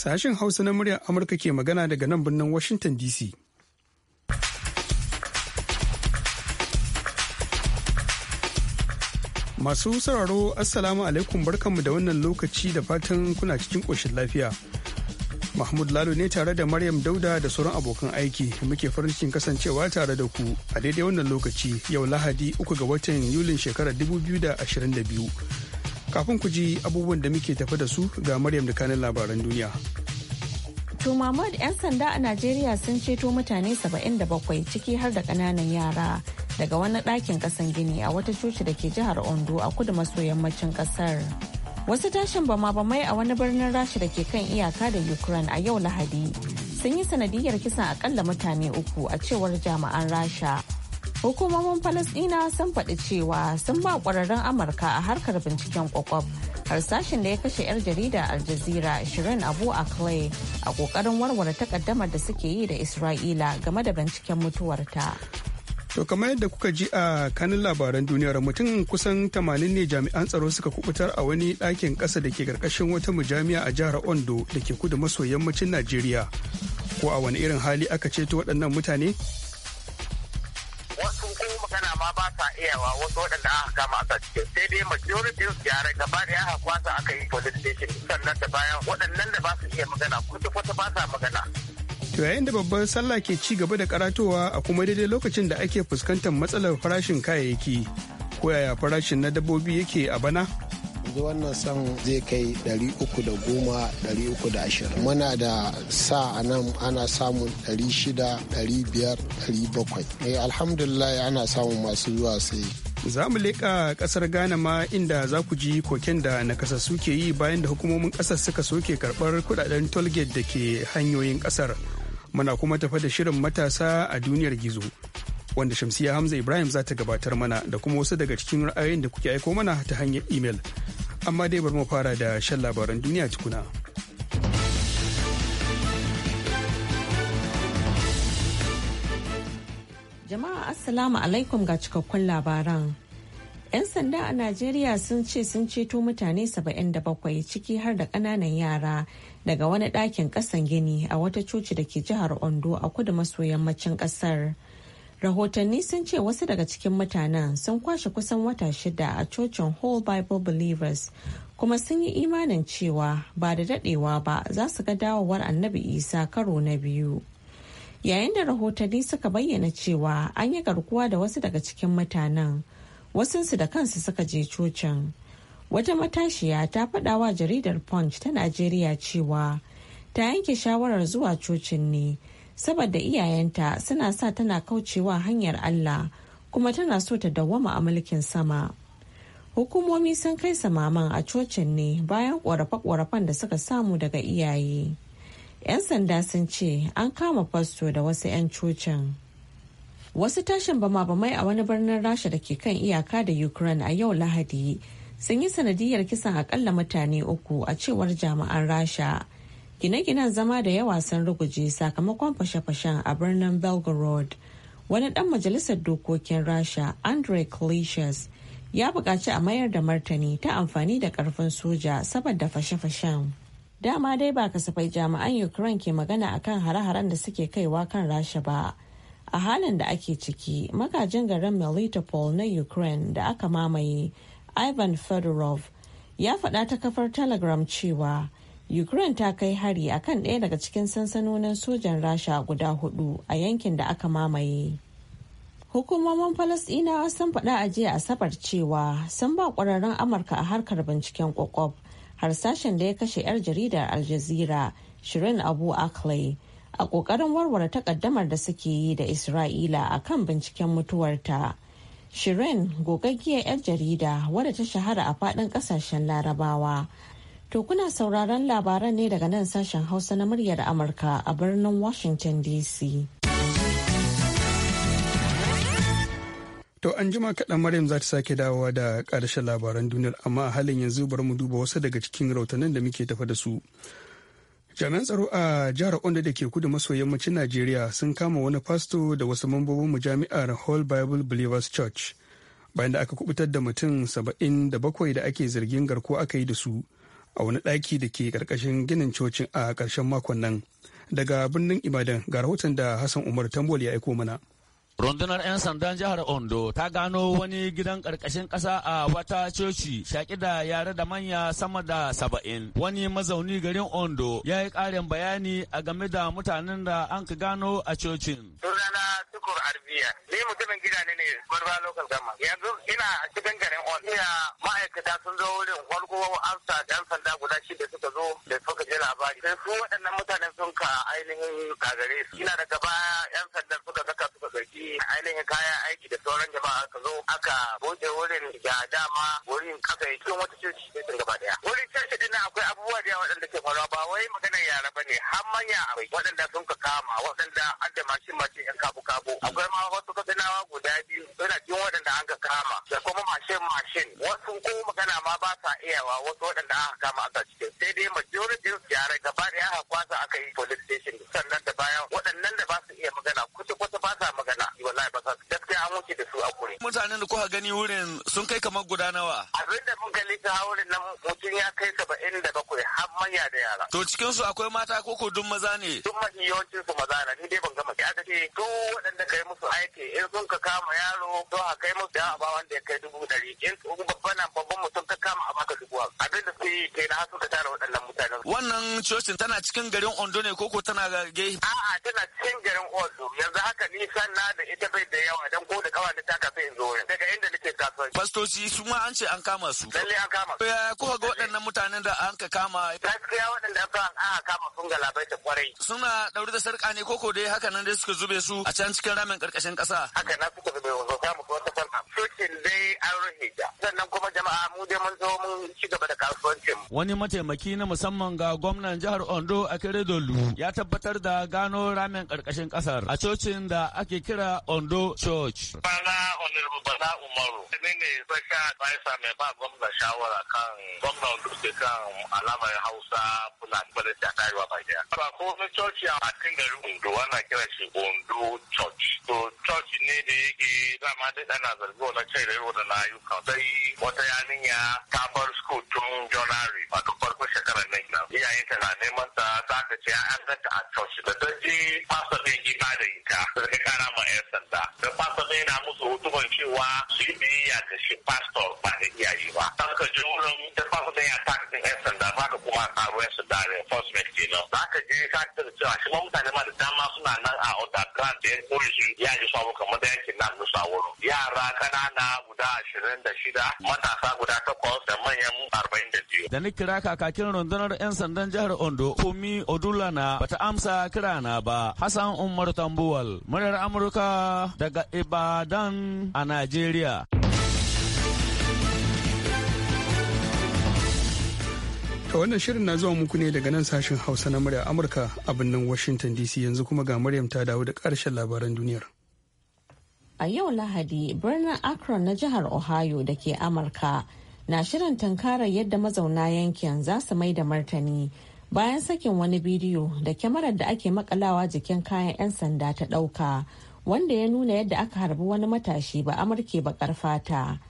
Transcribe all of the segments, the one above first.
Sashen Hausa na muryar Amurka ke magana daga nan birnin Washington DC. Masu sauraro Assalamu alaikum barkanmu da wannan lokaci da fatan kuna cikin ƙoshin lafiya. Mahmud Lalo ne tare da Maryam Dauda da sauran abokan aiki muke farin cikin kasancewa tare da ku a daidai wannan lokaci yau Lahadi uku ga watan Yulin shekarar 2022. Kafin ku ji abubuwan da muke tafi da su ga Maryam da kanin labaran duniya. To Mahmud 'yan sanda a Najeriya sun ceto mutane 77 ciki har da ƙananan yara daga wani ɗakin ƙasan gini a wata coci da ke jihar Ondo a kudu maso yammacin ƙasar. Wasu tashin bama-bamai a wani birnin Rasha da ke kan iyaka da Ukraine a yau Lahadi sun yi sanadiyar kisan akalla mutane uku a cewar jami'an Rasha. Hukumomin Falasɗina sun faɗi cewa sun ba ƙwararren Amurka a harkar binciken kwakwab harsashin da ya kashe 'yar jarida Al Jazeera Shirin Abu a clay a ƙoƙarin warware takaddamar da suke yi da Isra'ila game da binciken mutuwarta. To kamar yadda kuka ji a kanin labaran duniyar mutum kusan 80 ne jami'an tsaro suka kubutar a wani ɗakin ƙasa da ke karkashin wata mujamiya a jihar Ondo da ke kudu maso yammacin Najeriya. Ko a wani irin hali aka ceto waɗannan mutane? ma ba sa iyawa wasu waɗanda aka kama aka cikin sai dai majority su yare gaba da aka kwasa aka yi police station sannan da bayan waɗannan da ba su iya magana kuta kwata ba sa magana. To yayin da babbar sallah ke ci gaba da karatowa a kuma daidai lokacin da ake fuskantar matsalar farashin kayayyaki ko yaya farashin na dabbobi yake a bana? yanzu wannan san zai kai 310-320 muna da sa a nan ana samun 600-500-700 eh, alhamdulillah ana samun masu zuwa sai za mu leƙa ƙasar ghana ma inda za ku ji koken da nakasassu ke yi bayan da hukumomin ƙasar suka soke karɓar kudaden tolgate da ke hanyoyin ƙasar muna kuma tafa da shirin matasa a duniyar gizo wanda Shamsiya Hamza Ibrahim za ta gabatar mana da kuma wasu daga cikin ra'ayoyin da kuke aiko mana ta hanyar imel. Amma dai bari mu fara da shan labaran duniya tukuna. Jama'a Assalamu alaikum ga cikakkun labaran. 'Yan sanda a Najeriya sun ce sun ceto mutane 77 ciki har da ƙananan yara daga wani dakin ƙasan gini a wata coci da ke jihar Ondo a kudu maso yammacin ƙasar. rahotanni sun ce wasu daga cikin mutanen sun kwashe kusan wata shida a cocin whole bible believers kuma sun yi imanin cewa ba da dadewa ba za su ga dawowar annabi isa karo na biyu yayin da rahotanni suka bayyana cewa an yi garkuwa da wasu daga cikin mutanen wasunsu da kansu suka je cocin wata matashiya ta faɗawa jaridar punch ta najeriya cewa ta yanke shawarar zuwa cocin ne saboda iyayenta suna sa tana kaucewa hanyar Allah kuma tana so ta dawwama a mulkin sama. Hukumomi sun kai samaman a cocin ne bayan ƙorafe-ƙorafen da suka samu daga iyaye. 'Yan sanda sun ce an kama fasto da wasu 'yan cocin. Wasu tashin bama-bamai a wani birnin Rasha da ke kan iyaka da Ukraine a yau Lahadi sun yi sanadiyar kisan akalla mutane uku a cewar jama'an Rasha. gine-ginen zama da yawa sun ruguje sakamakon fashe-fashen a birnin belgorod wani dan majalisar dokokin rasha andrei kalishas ya buƙaci a mayar da martani ta amfani da ƙarfin soja saboda fashe-fashen dama dai ba kasafai jami'an ukraine ke magana akan hare-haren da suke kaiwa kan rasha ba a halin da ake ciki magajin garin melitopol na ukraine da aka mamaye ivan fedorov ya faɗa ta kafar telegram cewa Ukraine ta kai hari a kan ɗaya daga cikin sansanonin sojan Rasha guda hudu a yankin da aka mamaye. Hukumomin Falasɗinawa sun faɗa a jiya Asabar cewa sun ba ƙwararren Amurka a harkar binciken kwakwab har da ya kashe 'yar jaridar Al Shirin Abu akhlai a ƙoƙarin warware takaddamar da suke yi da Isra'ila a kan binciken mutuwarta. Shirin gogaggiyar 'yar jarida wadda ta shahara a faɗin ƙasashen larabawa To kuna sauraron labaran ne daga nan sashen Hausa na muryar Amurka a birnin Washington DC. To an jima kaɗan Maryam za ta sake dawowa da ƙarshen labaran duniyar amma a halin yanzu bari mu duba wasu daga cikin rautanen da muke tafa da su. Jami'an tsaro a jihar Ondo da ke kudu maso yammacin Najeriya sun kama wani fasto da wasu mambobin mu jami'ar Whole Bible Believers Church bayan da aka kubutar da mutum saba'in da bakwai da ake zargin garko aka yi da su. a wani ɗaki da ke ƙarƙashin ginin cocin a ƙarshen makon nan daga birnin ibadan ga rahoton da hassan umar tambol ya aiko mana Rundunar 'yan sandan jihar Ondo ta gano wani gidan ƙarƙashin ƙasa a wata coci shaƙi da yare da manya sama da saba'in. Wani mazauni garin Ondo ya yi ƙarin bayani a game da mutanen da an ka gano a cocin. Tukur Arbiya, ni mutumin gida ne Gwarba Local Gama. Yanzu ina cikin garin Ondo. Iya ma'aikata sun zo wurin farko amsa 'yan sanda guda shida suka zo da suka je labari. Sai su waɗannan mutanen sun ka ainihin kagare su. Ina daga baya 'yan sanda ɗauki ainihin kayan aiki da sauran jama'a ka zo aka buɗe wurin da dama wurin kasa yi cikin wata coci cikin gaba ɗaya. Wurin coci ɗin akwai abubuwa da yawa waɗanda ke faruwa ba wai magana yara ba ne har manya abai waɗanda sun ka kama waɗanda an da mashin mashin yan kabu kabu akwai ma wasu katsinawa guda biyu suna cikin waɗanda an ka kama da kuma mashin mashin wasu ko magana ma ba sa iyawa wasu waɗanda aka kama aka cikin sai dai majority yara gaba ɗaya aka kwasa aka yi mutanen da kuka gani wurin sun kai kamar guda nawa? Abin da muka lita wurin nan mutum ya kai saba'in da bakwai har manya da yara. To cikin su akwai mata ko ko duk maza ne? Duk mafi yawancin su maza na ni dai ban gama. Aka ce duk waɗanda kai musu aiki in sun ka kama yaro to a kai musu da ba wanda ya kai dubu ɗari. In babban babban mutum ka kama a abin da suke yi kai na ka tara waɗannan mutane. Wannan cocin tana cikin garin Ondo ne koko tana gage? A'a tana cikin garin Ondo yanzu haka nisan na da ita bai da yawa don ko da kawa ta kafin in zo daga fastoci su ma an ce an kama su lalle an kama su Yaya kuka ga waɗannan mutanen da an ka kama gaskiya waɗanda ba an kama sun galabai ta kwarai suna ɗauri da sarƙa ne koko dai haka nan dai suka zube su a can cikin ramin ƙarƙashin ƙasa haka na suka zube wanzu samu wata farka sokin dai an rufe ta sannan kuma jama'a mu dai mun zo mun ci gaba da kasuwancin wani mataimaki na musamman ga gwamnan jihar Ondo a Akeredolu ya tabbatar da gano ramin ƙarƙashin ƙasar a cocin da ake kira Ondo Church. Bana Honorable Bana Umaru. ne ne special sa mai ba gwamna shawara kan gwamnan dutse kan alamar hausa kuna kuma da ta tarewa ba daya. Ba ko na coci a cikin garin Ondo na kira shi Ondo Church. To church ne da yake zama da ana zargi wannan cai da yau da na kan Sai wata yarinya ta bar school tun January wato farko shekarar nan kenan. Iyayenta na neman ta za ta ce an a church da ta je pastor yi gida da ita. da ka kara ma 'yan sanda. Da pastor su yi biyayya ga shi pastor ba eh, e e da iyaye ba dan ka je wurin da pastor da ya attack ɗin yan sanda ba ka kuma karo yan sanda reinforcement kenan za ka je ka ga cewa shi mutane ma da dama suna nan a underground da yan police ya ji samu kamar da yake nan musu a wurin yara kanana guda ashirin da shida matasa guda takwas da manyan arba'in Da ni kira kakakin rundunar 'yan sandan jihar Ondo, Kumi Odulana bata amsa kira na ba. Hassan Umar Tambuwal, muryar Amurka daga Ibadan a Najeriya. Ta wannan shirin na zuwa muku ne daga nan sashen Hausa na murya Amurka a birnin Washington DC yanzu kuma ga Maryam ta dawo da karshen labaran duniyar. A yau Lahadi birnin Akron na jihar Ohio da ke Amurka na shirin tankarar yadda mazauna yankin za su mai da martani bayan sakin wani bidiyo da kyamarar da ake makalawa jikin kayan 'yan sanda ta ɗauka wanda ya nuna yadda aka harbi wani matashi ba amurke bakar fata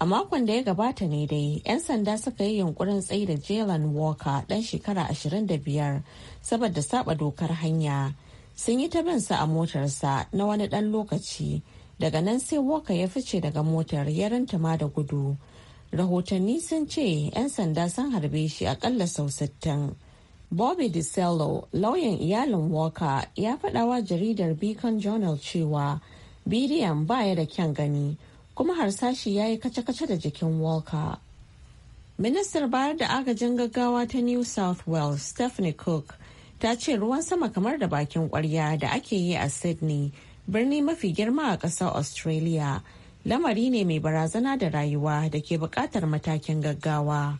a makon da ya gabata ne dai 'yan sanda suka yi yunkurin tsayi da jalen walker dan shekara 25 saboda saba dokar hanya sun yi ta bin sa a motarsa na wani ɗan lokaci daga nan sai walker ya fice daga motar ya rintama da gudu rahotanni sun ce 'yan sanda sun harbe shi akalla sau 60 bobby DiCello, lauyan iyalin walker ya faɗawa jaridar beacon journal cewa bidiyon ya da kyan gani kuma harsashi ya yi kace-kace da jikin walker ministar bayar da agajin gaggawa ta new south wales stephanie cook ta ce ruwan sama kamar da bakin kwarya da ake yi a sydney birni mafi girma a ƙasar australia lamari ne mai barazana da rayuwa da ke buƙatar matakin gaggawa.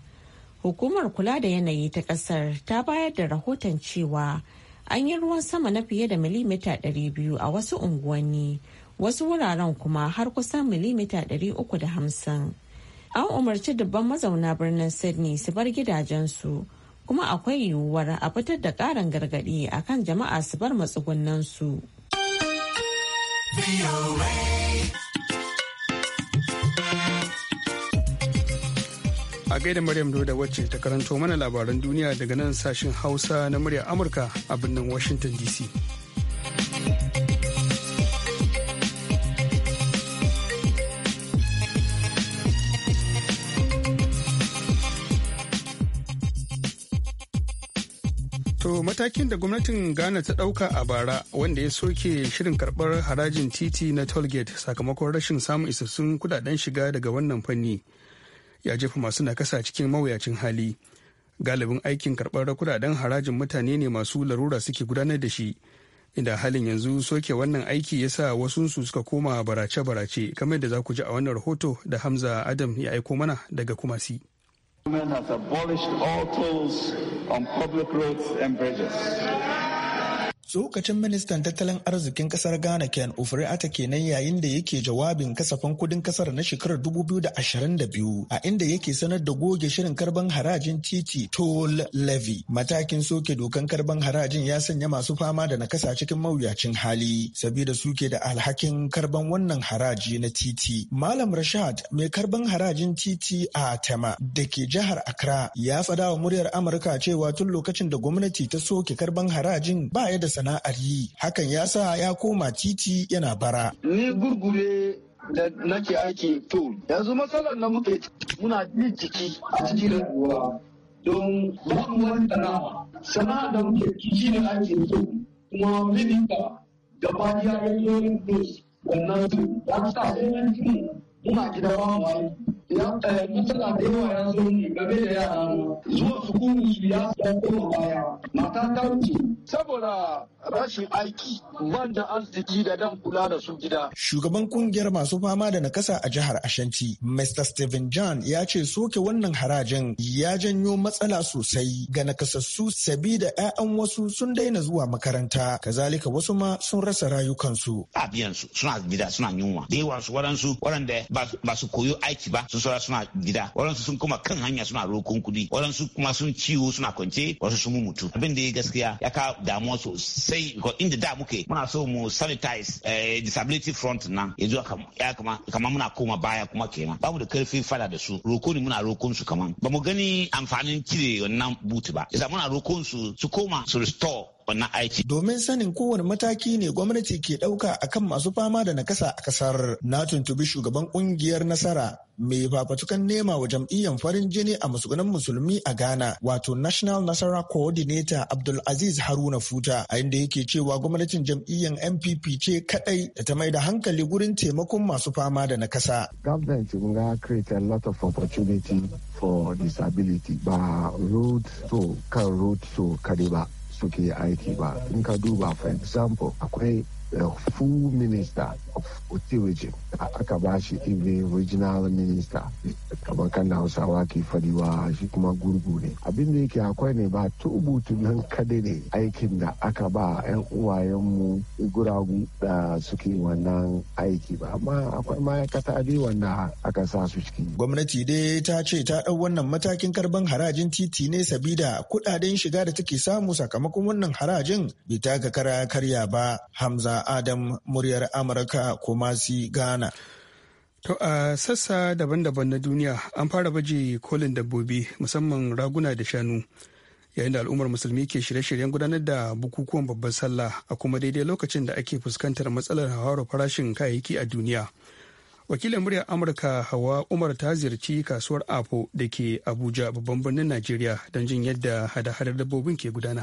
Hukumar kula da yanayi ta ƙasar ta bayar da rahoton cewa an yi ruwan sama na fiye da milimita 200 a wasu unguwanni, wasu wuraren kuma har kusan milimita 350. An umarci dubban mazauna birnin Sydney su bar gidajensu. kuma akwai yiwuwar a fitar da ƙarin gargaɗi akan jama'a su bar matsugunansu. a gaida Maryam da wacce ta karanto mana labaran duniya daga nan sashen Hausa na muryar Amurka a birnin Washington DC. To matakin da gwamnatin Ghana ta dauka a bara wanda ya soke shirin karbar harajin titi na tollgate sakamakon rashin samun isassun kudaden shiga daga wannan fanni. ya jefa masu nakasa cikin mawuyacin hali galibin aikin karɓar kudaden harajin mutane ne masu larura suke gudanar da shi inda halin yanzu soke wannan aiki ya sa wasunsu suka koma barace-barace kamar da za ku ji a wannan rahoto da hamza adam ya aiko mana daga kumasi Government has abolished all tolls on public roads and bridges. Tsokacin ministan tattalin arzikin kasar Ghana Ken ofori Ata kenan yayin da yake jawabin kasafin kudin kasar na shekarar 2022 a inda yake sanar da goge shirin karban harajin titi toll levy. Matakin soke dokan karban harajin ya sanya masu fama da nakasa cikin mawuyacin hali saboda suke da alhakin karban wannan haraji na titi. Malam Rashad mai karban harajin titi a Tema da ke jihar Accra ya faɗawa wa muryar Amurka cewa tun lokacin da gwamnati ta soke karban harajin ba ya da sana'ar yi hakan ya sa ya koma titi yana bara ni gurgure da nake aiki to yanzu matsalar na muke muna ji jiki a cikin rayuwa don babu wani sana'a sana'a da muke shi ne ake to kuma da gaba ya yi yorin dos wannan su Ya sa sai muna gida ba mu aiki ya matsala eh, da yawa ya zo ne game da yara zuwa su kuru su ya su koma baya mata ta wuce saboda rashin aiki wanda arziki da dan kula da su gida. Shugaban kungiyar masu fama da nakasa a jihar Ashanti, Mr. Stephen John ya ce soke wannan harajin ya janyo matsala sosai ga nakasassu sabida 'ya'yan wasu sun daina zuwa makaranta, kazalika wasu ma sun rasa rayukansu. Abiyansu suna gida suna yunwa, da yawa su waɗansu waɗanda ba su koyo aiki ba su saura suna gida waɗansu sun kuma kan hanya suna rokon kuɗi waɗansu kuma sun ciwo suna kwance wasu sun mutu abin da ya gaskiya ya ka damuwa sosai inda da muke muna so mu sanitize eh, disability front nan yanzu ya kama kama muna koma baya kuma kenan babu da karfi fada da su roko ne muna rokon su kaman ba gani amfanin cire wannan buti ba yasa muna rokon su su koma su restore wannan aiki. Domin sanin kowane mataki ne gwamnati ke ɗauka akan masu fama da nakasa a ƙasar, Na tuntubi shugaban ƙungiyar nasara mai fafatukan nema wa jam'iyyar farin jini a musulmanin musulmi a Ghana wato National Nasara Coordinator Abdulaziz Haruna Futa a inda yake cewa gwamnatin jam'iyyar NPP ce kadai da ta mai da hankali gurin taimakon masu fama da nakasa. Government mun ga create a lot of opportunity for disability ba road to kan road to ba. suke aiki ba in ka duba for example akwai the eh, full minister of utility da aka ba shi even regional minister kamar kan da hausawa ke fadiwa shi kuma gurgu ne abin da yake akwai ne ba tubutu nan kadai ne aikin da aka ba 'yan uwayenmu guragu da suke wannan aiki ba amma akwai ma'aikata dai wanda aka sa su ciki gwamnati dai ta ce ta ɗau wannan matakin karban harajin titi ne sabida kuɗaɗen shiga da take samu sakamakon wannan harajin bai taka kara karya ba hamza adam muryar amurka kumasi ghana To a sassa daban-daban na duniya an fara baje kolin dabbobi musamman raguna da shanu yayin da al'ummar musulmi ke shirye-shiryen gudanar da bukukuwan babban sallah a kuma daidai lokacin da ake fuskantar matsalar hawar farashin kayayyaki a duniya. Wakilin muryar Amurka Hawa Umar ta ziyarci kasuwar Apo da ke Abuja babban birnin Najeriya don jin yadda hada-hadar dabbobin ke gudana.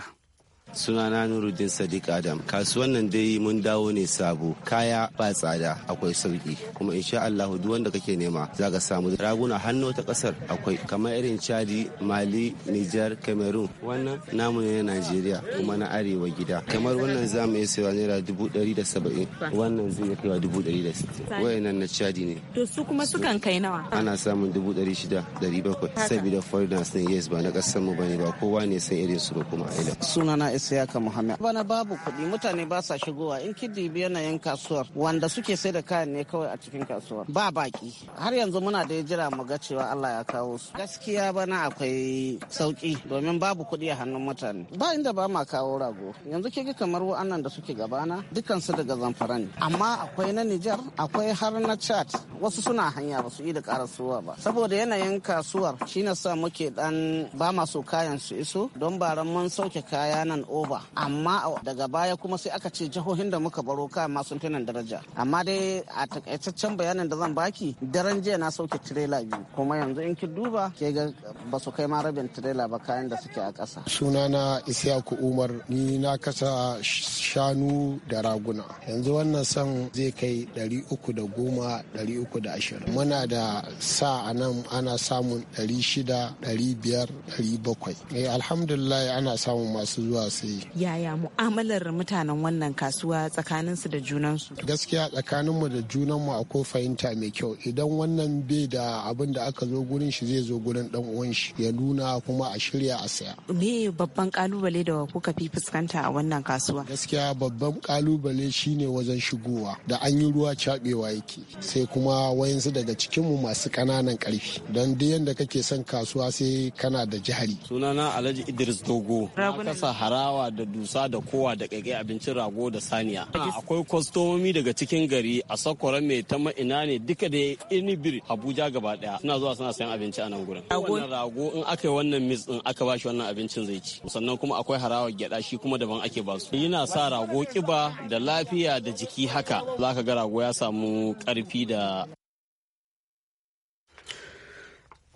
sunana nuruddin sadiq adam kasuwan nan dai mun dawo ne sabo kaya ba tsada akwai sauki kuma insha allahu duk wanda kake nema za ka samu raguna hannu ta kasar akwai kamar irin chadi mali Niger, cameroon wannan namu ne na nigeria kuma na arewa gida kamar wannan za mu iya saiwa naira dubu ɗari da saba'in wannan zai iya kaiwa dubu ɗari da sittin wayannan na chadi ne to su kuma sukan kai nawa ana samun dubu ɗari shida ɗari bakwai saboda foreigners ne yes ba na kasar mu bane ba kowa ne san irin su ba kuma a sunana aka Muhammad. Bana babu kuɗi mutane ba sa shigowa in kidi yanayin kasuwar wanda suke sai da kayan ne kawai a cikin kasuwar ba baki har yanzu muna da jira mu ga cewa Allah ya kawo su. Gaskiya bana akwai sauki domin babu kuɗi a hannun mutane. Ba inda ba ma kawo rago yanzu ke kamar wa'annan da suke gabana dukansu daga zamfara ne amma akwai na Nijar akwai har na Chad wasu suna hanya ba su yi da karasuwa ba saboda yanayin kasuwar shine sa muke dan ba masu kayan su iso don bara mun sauke kaya nan over amma daga baya kuma sai aka ce jihohin da muka baro kayan ma sun nan daraja amma dai a takaitaccen bayanin da zan baki daren jiya na sauke tirela biyu kuma yanzu in ki duba ke ga ba su kai ma rabin tirela ba kayan da suke a ƙasa sunana isiyaku umar ni na kasa shanu da raguna yanzu wannan san zai kai 310 ashirin muna da sa a nan ana samun 600 500 700 alhamdulillah ana samun masu zuwa yi. yaya mu'amalar mutanen wannan kasuwa tsakanin da junansu gaskiya tsakanin mu da junan mu akwai fahimta mai kyau idan wannan bai da abin da aka zo gurin shi zai zo gurin dan uwan shi ya nuna kuma a shirya a saya me babban kalubale da kuka fi fuskanta a wannan kasuwa gaskiya babban kalubale shine wajen shigowa da an yi ruwa cabewa yake sai kuma wayansu daga cikinmu masu ƙananan ƙarfi don duk yadda kake son kasuwa sai kana da jihari sunana alhaji idris dogo na kasa hara dawa da dusa da kowa da kaikai abincin rago da saniya akwai kwastomomi daga cikin gari a sakwara mai ta ma'ina ne duka da inibir abuja gaba daya suna zuwa suna sayan abinci a nan gurin wannan rago in aka yi wannan mis din aka bashi wannan abincin zai ci sannan kuma akwai harawa gyada shi kuma daban ake basu yana sa rago kiba da lafiya da jiki haka zaka ga rago ya samu karfi da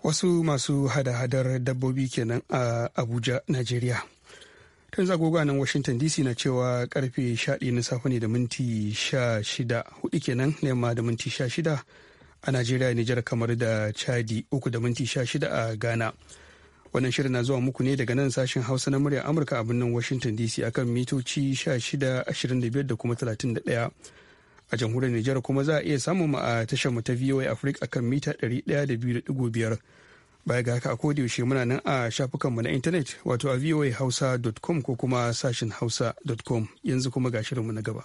wasu masu hada-hadar dabbobi kenan a abuja najeriya yanzu agogo nan washington dc na cewa karfe 11 na safe ne da minti 16 hudu kenan na yamma da minti 16 a najeriya nijar kamar da chadi uku da minti 16 a ghana wannan shirin na zuwa muku ne daga nan sashen hausa na murya amurka a birnin washington dc akan mitoci 16 da kuma 31 a jamhuriyar nijar kuma za a iya samun mu a tashar mu ta voa africa akan mita biyar baya ga haka a yaushe muna nan a shafukanmu na intanet wato a voa voahausa.com ko kuma sashin hausa.com yanzu kuma ga shirinmu na gaba.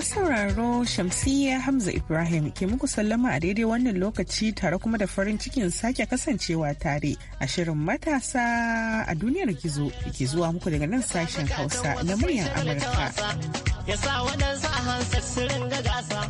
Masu sauraro Shamsiyya Hamza Ibrahim ke muku sallama a daidai wannan lokaci tare kuma da farin cikin sake kasancewa tare a shirin matasa a duniyar gizo ke zuwa muku daga nan sashen Hausa na muryar Amurka.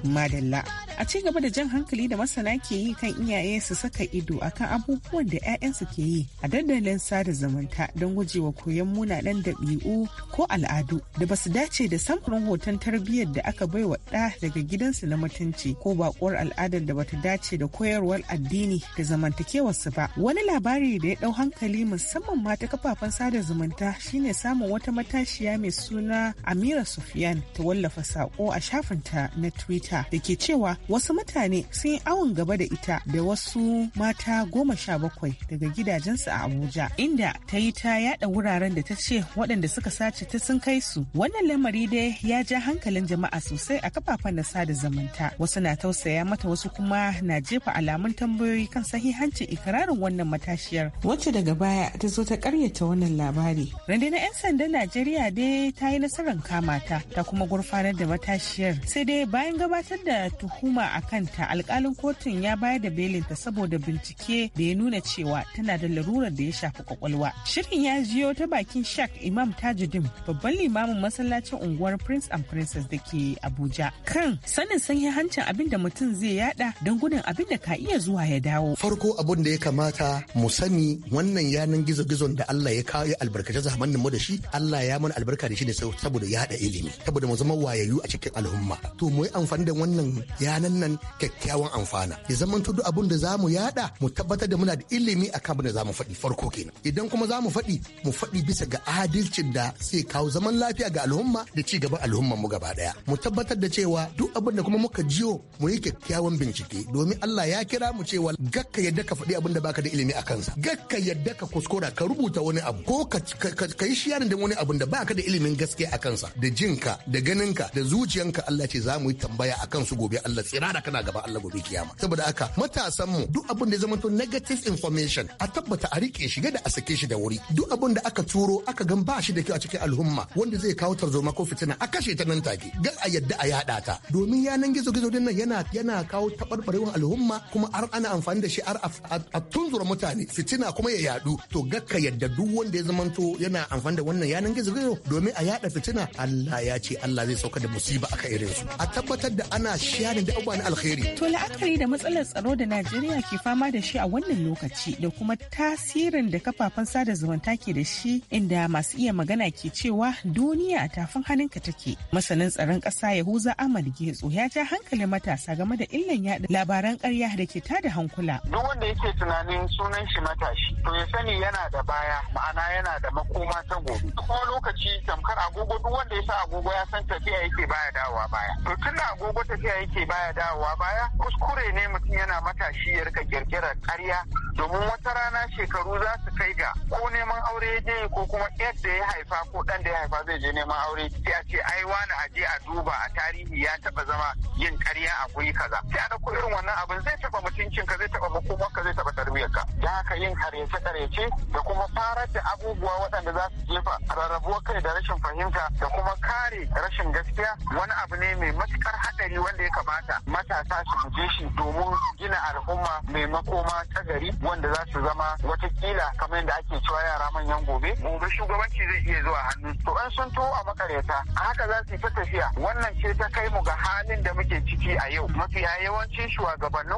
Madalla a ci gaba da jan hankali da masana ke yi kan iyaye su saka ido a kan abubuwan da 'ya'yansu ke yi a dandalin sada zumunta don gujewa koyon munanan ɗabi'u ko al'adu da basu dace da samfurin hoton tarbiyyar da aka baiwa ɗa daga gidansu na mutunci ko bakuwar al'adar da bata dace da koyarwar addini da zamantakewarsu ba wani labari da ya ɗau hankali musamman ma ta kafafen sada zumunta shine samun wata matashiya mai suna amira sufyan ta wallafa sako a shafinta na Twitter da ke cewa wasu mutane sun yi awon gaba da ita da wasu mata goma sha bakwai daga gidajensu a Abuja inda ta yi ta yada wuraren da ta ce waɗanda suka sace ta sun kai su. Wannan lamari dai ya ja hankalin jama'a sosai a kafafen na sada zumunta. Wasu na tausaya mata wasu kuma na jefa alamun tambayoyi kan sahihancin ikirarin wannan matashiyar. Wacce daga baya ta zo ta karyata wannan labari. na 'yan sandan Najeriya dai ta yi nasarar kama ta ta kuma kuma gurfanar da matashiyar sai dai bayan gabatar da tuhuma a kanta alkalin kotun ya bayar da belinta saboda bincike da ya nuna cewa tana da larurar da ya shafi kwakwalwa shirin ya jiyo ta bakin shak imam tajudin babban limamin masallacin unguwar prince and princess da ke abuja kan sanin hancin abin da mutum zai yada don gudun abin da ka iya zuwa ya dawo farko abin da ya kamata mu sani wannan yanan gizo-gizon da allah ya kawo ya albarkaci zamanin mu da shi allah ya mana albarka da shi ne saboda yada ilimi saboda mu zama wayayyu a cikin al'umma to mu yi amfani da wannan yanan nan kyakkyawan amfana ya zama duk abin da za mu yada mu tabbatar da muna da ilimi akan kan da za mu faɗi farko kenan idan kuma za mu faɗi mu faɗi bisa ga adalcin da zai kawo zaman lafiya ga al'umma da ci gaban al'umman mu gaba daya mu tabbatar da cewa duk abin da kuma muka jiyo mu yi kyakkyawan bincike domin Allah ya kira mu cewa gakka yadda ka faɗi abin da baka da ilimi a kansa gakka yadda ka kuskura ka rubuta wani abu ko ka yi shiyarin da wani abin da baka da ilimin gaske a kansa da jinka da ganinka da zuciyanka Allah ce za mu yi tambaya akan su gobe Allah da kana gaba Allah gobe kiyama saboda haka matasan mu duk abin da ya zama to negative information a tabbata a rike shi da a sake shi da wuri duk abin da aka turo aka gan ba shi da kyau a cikin al'umma wanda zai kawo tarzoma ko fitina a kashe ta nan take ga a yadda a yada ta domin yanan gizo gizo din nan yana yana kawo tabarbarewar al'umma kuma har ana amfani da shi har a tunzura mutane fitina kuma ya yadu to gakka yadda duk wanda ya zamanto yana amfani da wannan yanan gizo gizo domin a yada fitina Allah ya ce Allah zai sauka da musiba aka irin su a tabbatar da ana sharing da abubuwan alkhairi to la'akari da matsalar tsaro da Najeriya ke fama da shi a wannan lokaci da kuma tasirin da kafafen sada zumunta ke da shi inda masu iya magana ke cewa duniya a tafin hannunka take masanin tsaron ƙasa Yahuza Ahmad Getso ya ja hankalin matasa game da illan yaɗa labaran ƙarya da ke tada hankula duk wanda yake tunanin sunan shi matashi to ya sani yana da baya ma'ana yana da makoma ta gobe kuma lokaci tamkar agogo duk wanda ya sa agogo ya san tafiya yake baya dawowa baya to tun agogo tafiya yake baya dawowa baya kuskure ne mutum yana sa shi ya rika kirkirar karya domin wata rana shekaru za su kai ga ko neman aure ya je ko kuma da ya haifa ko dan da ya haifa zai je neman aure sai a ce ai wani a je a duba a tarihi ya taɓa zama yin karya a guri kaza sai a ɗauko irin wannan abin zai taɓa mutuncin ka zai taɓa makomar ka zai taɓa tarbiyyar ka da haka yin karyace karyace da kuma farar da abubuwa waɗanda za su jefa rarrabuwar kai da rashin fahimta da kuma kare rashin gaskiya wani abu ne mai matuƙar haɗari wanda ya kamata matasa su guje shi domin gina al al'umma mai makoma ta gari wanda za su zama watakila kamar yadda ake cewa yara manyan gobe gobe shugabanci zai iya zuwa hannu to an sun to a makareta a haka za su yi ta tafiya wannan ce ta kai mu ga halin da muke ciki a yau mafiya yawancin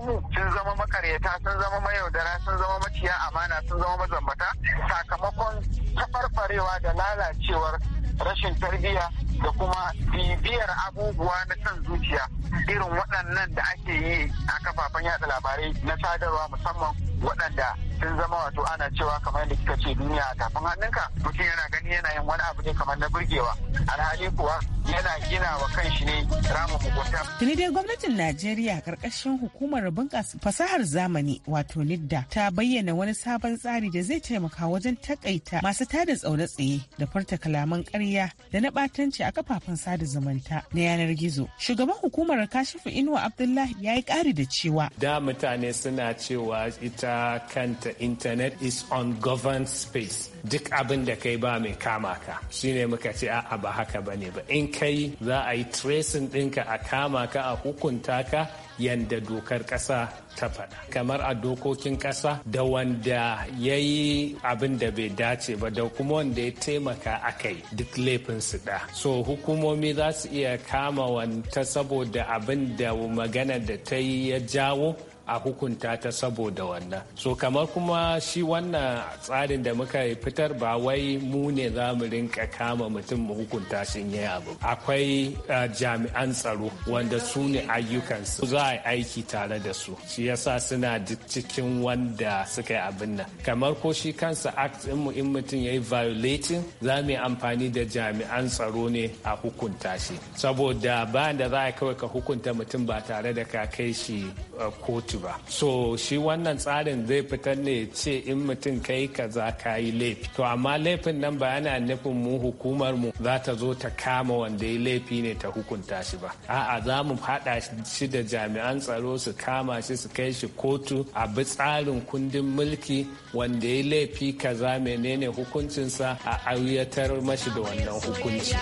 mu sun zama makareta sun zama mayaudara sun zama maciya amana sun zama mazambata sakamakon tafarfarewa da lalacewar rashin tarbiyya da kuma bibiyar abubuwa na son zuciya irin waɗannan da ake yi a kafafen yada labarai na sadarwa musamman waɗanda sun zama wato ana cewa kamar da kika ce duniya a tafin hannunka mutum yana gani yana yin wani abu ne kamar na burgewa alhali kuwa yana gina wa shi ne ramin mugunta. Tuni dai gwamnatin Najeriya karkashin hukumar bunƙasa fasahar zamani wato NIDDA ta bayyana wani sabon tsari da zai taimaka wajen takaita masu tada tsaune tsaye da furta kalaman ƙarya da na ɓatanci a kafafen sada zumunta na yanar gizo. Shugaban hukumar kashifu Inuwa Abdullahi ya yi ƙari da cewa. Da mutane suna cewa ita ta kanta internet is on ungoverned space duk abin da kai ba mai kama ka shine muka ce a'a ba haka ba ne ba in kai za a yi tracing ɗinka a kama ka a hukunta ka yadda dokar ƙasa ta faɗa kamar a dokokin ƙasa da wanda ya yi abin da bai dace ba da kuma wanda ya taimaka a kai duk laifin su ɗa so hukumomi za su iya kama wanta saboda abin da magana da ta yi ya jawo a hukunta ta saboda wannan so kamar kuma shi wannan tsarin da muka yi fitar ba wai mu ne za mu rinka kama mutum mu hukunta shi yayi abu akwai eh, jami'an tsaro wanda su ne ayyukansu za a aiki tare da su shi yasa suna cikin wanda suka yi abin nan kamar ko shi kansa act mu in mutum ya yi violating za mu yi amfani da jami'an tsaro ne a hukunta shi saboda bayan da za a kawai ka hukunta mutum ba tare da ka kai shi eh, kotu gwamnati ba so shi wannan tsarin zai fitar ne ce in mutum kai kaza ka yi laifi to amma laifin nan ba yana nufin mu hukumar mu za ta zo ta kama wanda ya laifi ne ta hukunta shi ba a'a za mu haɗa shi da jami'an tsaro su kama shi su kai shi kotu a bi tsarin kundin mulki wanda ya laifi kaza menene hukuncinsa a auyatar mashi da wannan hukunci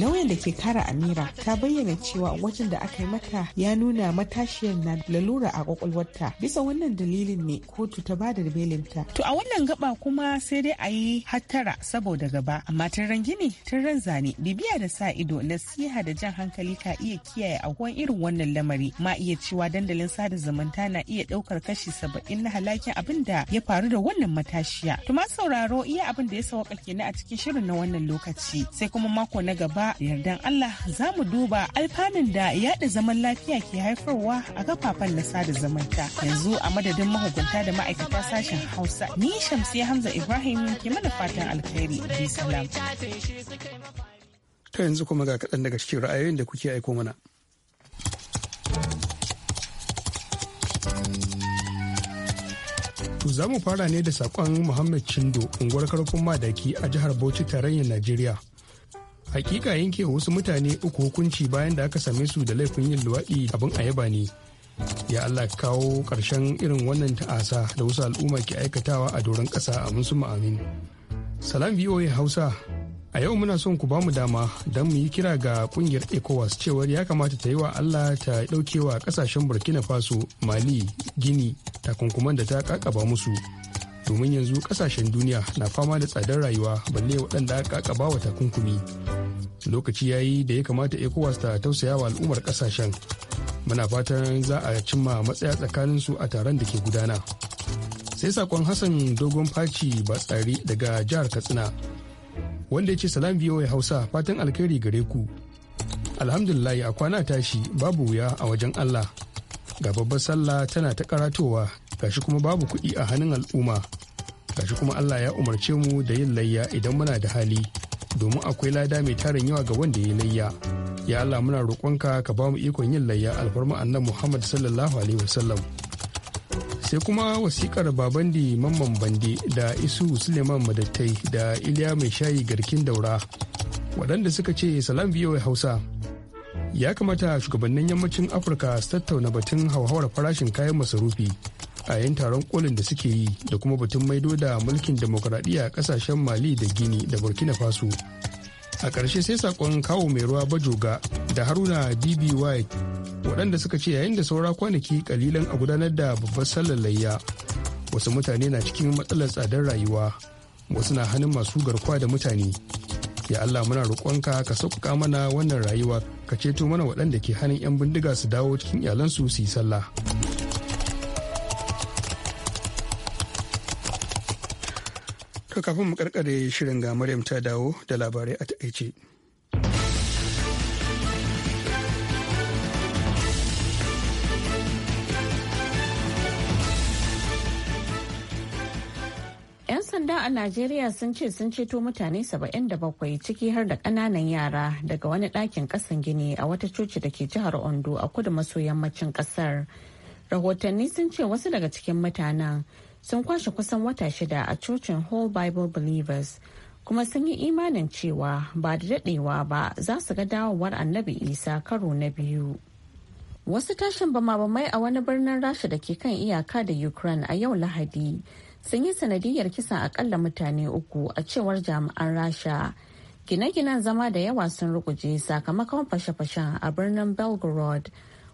lauyan da ke kara amira ta bayyana cewa wajen da aka yi mata ya nuna matashiyar na lalura a kwakwalwarta bisa wannan dalilin ne kotu ta bada belinta to a wannan gaba kuma sai dai a yi hattara saboda gaba amma tun ran gini tun ran zane bibiya da sa ido nasiha da jan hankali ka iya kiyaye agon irin wannan lamari ma iya cewa dandalin sada zumunta na iya ɗaukar kashi saba'in na halakin abin da ya faru da wannan matashiya to ma sauraro iya abin da ya sawaka na a cikin shirin na wannan lokaci sai kuma mako na gaba yardan Allah za mu duba alfanun da yaɗa zaman lafiya ke haifarwa a kafafen na sada zumunta manta yanzu a madadin mahukunta da ma'aikata sashen hausa ni shamsi hamza ibrahim ke mana fatan alkhairi salam ta yanzu kuma ga kaɗan daga cikin ra'ayoyin da kuke aiko mana To za mu fara ne da sakon Muhammad Chindo unguwar karfin madaki a jihar Bauchi tarayyar Najeriya. Hakika yanke wasu mutane uku hukunci bayan da aka same su da laifin yin luwaɗi abin ayaba ne. ya Allah kawo ƙarshen irin wannan ta'asa da wasu al'umma ke aikatawa a doron ƙasa a musu amin. Salam VOA Hausa, a yau muna son ku bamu dama don mu yi kira ga kungiyar ECOWAS cewar ya kamata ta yi wa Allah ta wa ƙasashen Burkina Faso, Mali, Gini, takunkuman da ta ƙaƙaba musu. Domin yanzu ƙasashen duniya na fama da tsadar rayuwa balle waɗanda aka ƙaƙaba wa takunkumi. lokaci yayi da ya kamata ecowas ta tausaya wa al'ummar kasashen muna fatan za a cimma matsaya tsakanin su a taron da ke gudana sai sakon hassan dogon faci ba tsari daga jihar katsina wanda ya ce salam ya hausa fatan alkhairi gare ku alhamdulillah a kwana tashi babu wuya a wajen allah ga babbar sallah tana ta karatowa gashi kuma babu kuɗi a hannun al'umma gashi kuma allah ya umarce mu da yin layya idan muna da hali domin akwai lada mai tarin yawa ga wanda ya layya ya Allah muna roƙonka ka ba mu ikon yin layya alfarma annan Muhammad sallallahu alaihi wasallam sai kuma wasikar babandi mamman bande da isu suleiman madattai da iliya mai shayi garkin daura waɗanda suka ce salam biyo hausa ya kamata shugabannin yammacin afirka su tattauna batun hauhawar farashin kayan masarufi a yayin taron kolin da suke yi da kuma batun maido da mulkin demokradiyya a kasashen mali da gini da burkina faso a ƙarshe sai saƙon kawo mai ruwa bajoga da haruna bibi white waɗanda suka ce yayin da saura kwanaki kalilan a gudanar da babbar sallar layya wasu mutane na cikin matsalar tsadar rayuwa wasu na hannun masu garkuwa da mutane ya allah muna roƙonka ka sauƙaƙa mana wannan rayuwa ka ceto mana waɗanda ke hannun 'yan bindiga su dawo cikin iyalansu su yi sallah To kafin mu karkare shirin ga Maryam ta dawo da labarai a taƙaice. ‘Yan sanda a Najeriya sun ce sun ceto mutane 77 ciki har da ƙananan yara daga wani ɗakin ƙasan gini a wata coci da ke jihar Ondo a kudu maso yammacin ƙasar. Rahotanni sun ce wasu daga cikin mutanen sun kwashe kusan wata shida a cocin whole bible believers kuma sun yi imanin cewa ba da daɗewa ba za su ga dawowar annabi isa karo na biyu wasu tashin bama-bamai a wani birnin rasha da ke kan iyaka da ukraine a yau lahadi sun yi sanadiyar kisan akalla mutane uku a cewar jami'an rasha gine-ginen zama da yawa sun ruguje sakamakon fashe-fashen a birnin belgorod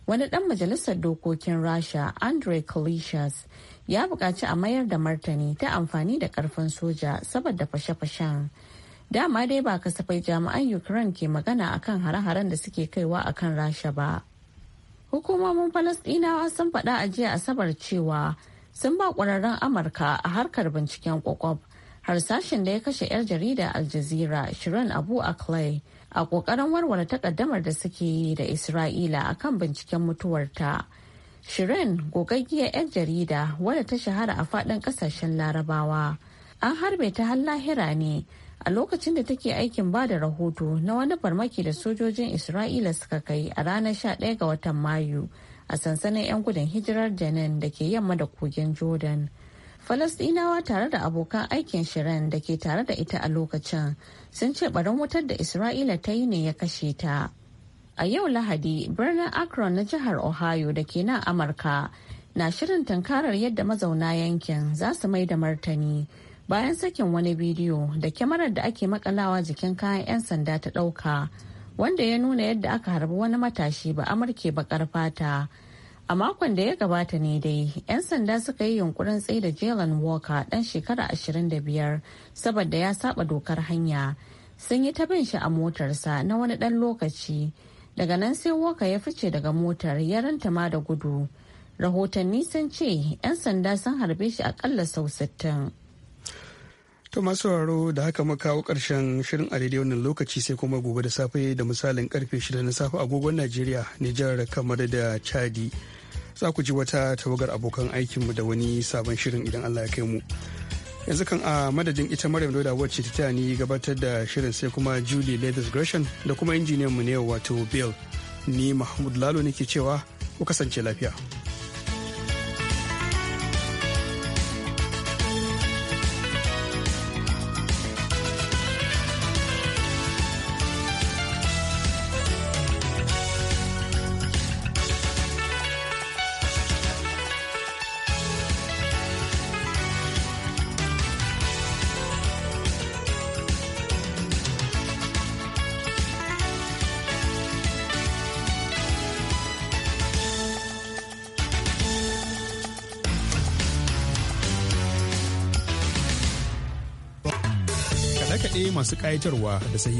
wani dan majalisar dokokin rasha andre kalishas ya buƙaci a mayar da martani ta amfani da ƙarfin soja saboda fashe-fashen. Dama dai ba kasafai jami'an Ukraine ke magana akan hare-haren da suke kaiwa akan Rasha ba. Hukumomin Falasɗinawa sun faɗa a jiya Asabar cewa sun ba ƙwararren Amurka a harkar binciken kwakwab harsashin da ya kashe 'yar jarida Al Jazeera Shirin Abu clay a ƙoƙarin warware takaddamar da suke yi da Isra'ila akan binciken mutuwarta. Shirin gogaggiyar 'yan jarida wadda ta shahara a faɗin ƙasashen larabawa. An harbe ta har lahira ne a lokacin da take aikin ba da rahoto na wani farmaki da sojojin Isra'ila suka kai a ranar sha ɗaya ga watan Mayu a sansanin 'yan gudun hijirar Janin da ke yamma da kogin Jordan. Falasɗinawa tare da abokan aikin shirin da ke tare da ita a lokacin sun ce barin wutar da Isra'ila ta yi ne ya kashe ta. a yau lahadi birnin akron na jihar ohio da ke nan amurka na shirin tankarar yadda mazauna yankin za su mai da martani bayan sakin wani bidiyo da kyamarar da ake makalawa jikin kayan 'yan sanda ta ɗauka wanda ya nuna yadda aka harbi wani matashi ba amurke bakar fata a makon da ya gabata ne dai 'yan sanda suka yi yunkurin tsaye da jalen walker dan shekara biyar, saboda ya saba dokar hanya sun yi ta bin shi a motarsa na wani dan lokaci daga nan sai waka ya fice daga motar ya ranta ma da gudu rahotanni sun ce 'yan sanda sun harbe shi akalla sau 60 to masu sauraro da haka muka kawo karshen shirin a daidai wannan lokaci sai kuma gobe da safe da misalin karfe 6 na safe agogon najeriya nijar kamar da chadi za ku ji wata tawagar abokan aikinmu da wani sabon shirin idan allah ya kai mu. yanzu kan a madadin ita maryam dauda wacce ta tani gabatar da shirin sai kuma julie leathers gresham da kuma injiniyan mu ne wato bill ni mahmud lalo nake cewa ku kasance lafiya kayatarwa da sahihan